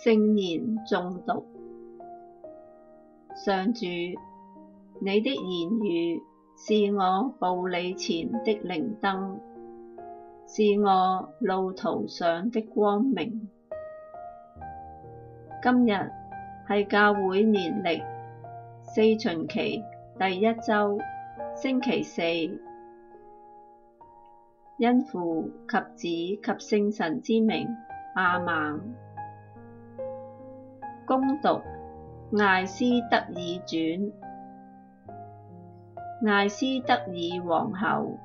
聖言誦讀。上主，你的言語是我步履前的靈燈，是我路途上的光明。今日係教會年曆四旬期第一週星期四，因父及子及聖神之名，阿們。恭讀《艾斯德爾傳》，艾斯德爾王后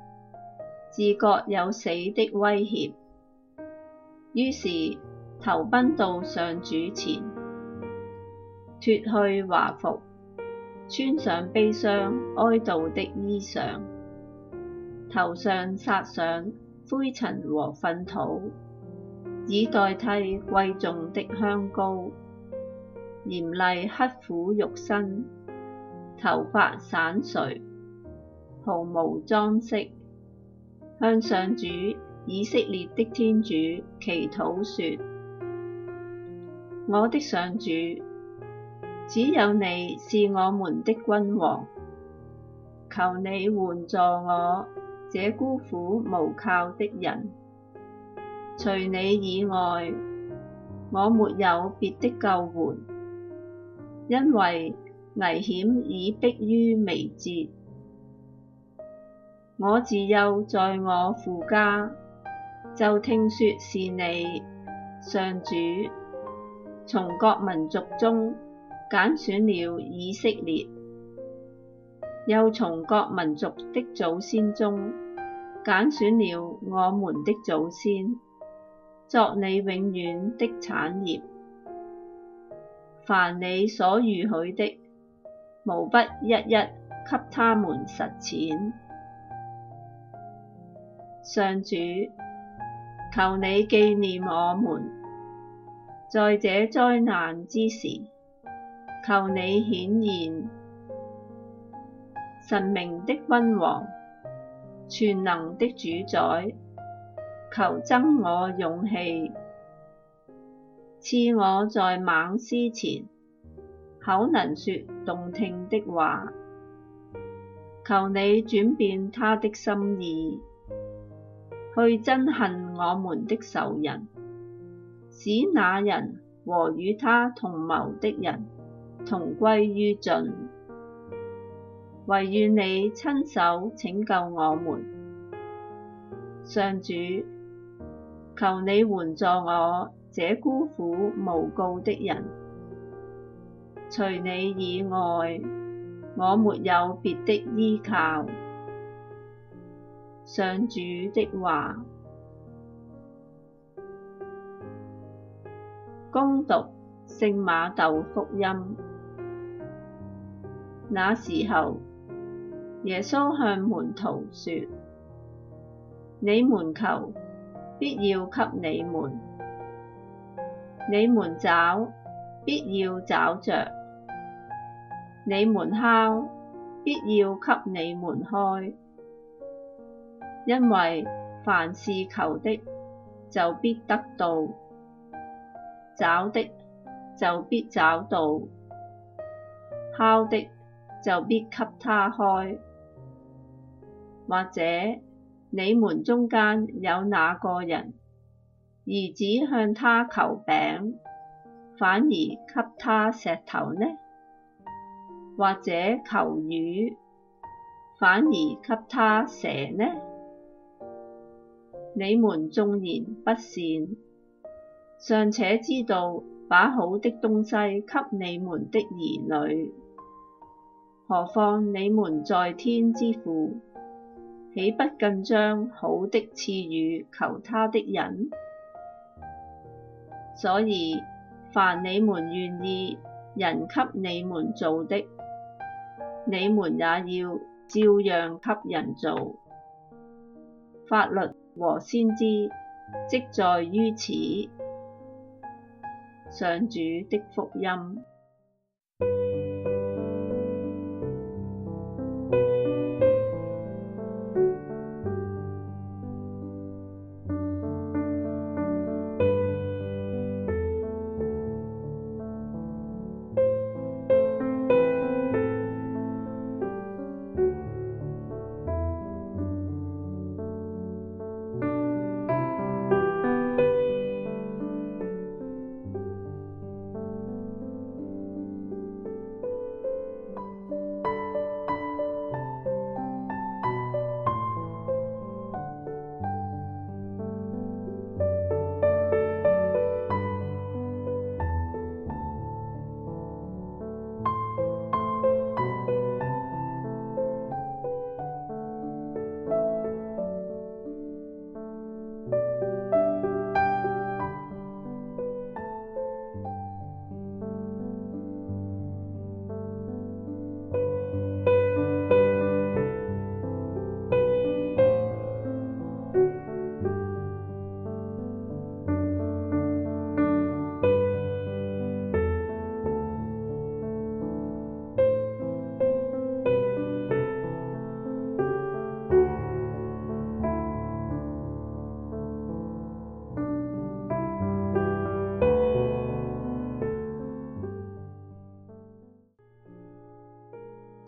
自覺有死的威脅，於是投奔到上主前，脫去華服，穿上悲傷哀悼的衣裳，頭上撒上灰塵和糞土，以代替貴重的香膏。嚴厲刻苦肉身，頭髮散垂，毫無裝飾。向上主以色列的天主祈禱說：我的上主，只有你是我們的君王，求你援助我這孤苦無靠的人。除你以外，我沒有別的救援。因為危險已迫於眉睫，我自幼在我父家，就聽說是你，上主，從各民族中揀選了以色列，又從各民族的祖先中揀選了我們的祖先，作你永遠的產業。凡你所預許的，無不一一給他們實踐。上主，求你記念我們，在這災難之時，求你顯現。神明的君王、全能的主宰，求增我勇氣。賜我在猛獅前，口能說動聽的話，求你轉變他的心意，去憎恨我們的仇人，使那人和與他同謀的人同歸於盡。唯願你親手拯救我們，上主，求你援助我。這孤苦無告的人，除你以外，我沒有別的依靠。上主的話，恭讀聖瑪竇福音。那時候，耶穌向門徒説：你們求，必要給你們。你們找，必要找著；你們敲，必要給你們開。因為凡是求的，就必得到；找的，就必找到；敲的，就必給他開。或者你們中間有哪個人，兒子向他求餅，反而給他石頭呢？或者求魚，反而給他蛇呢？你們縱然不善，尚且知道把好的東西給你們的兒女，何況你們在天之父，豈不更將好的賜與求他的人？所以，凡你們願意人給你們做的，你們也要照樣給人做。法律和先知即在於此。上主的福音。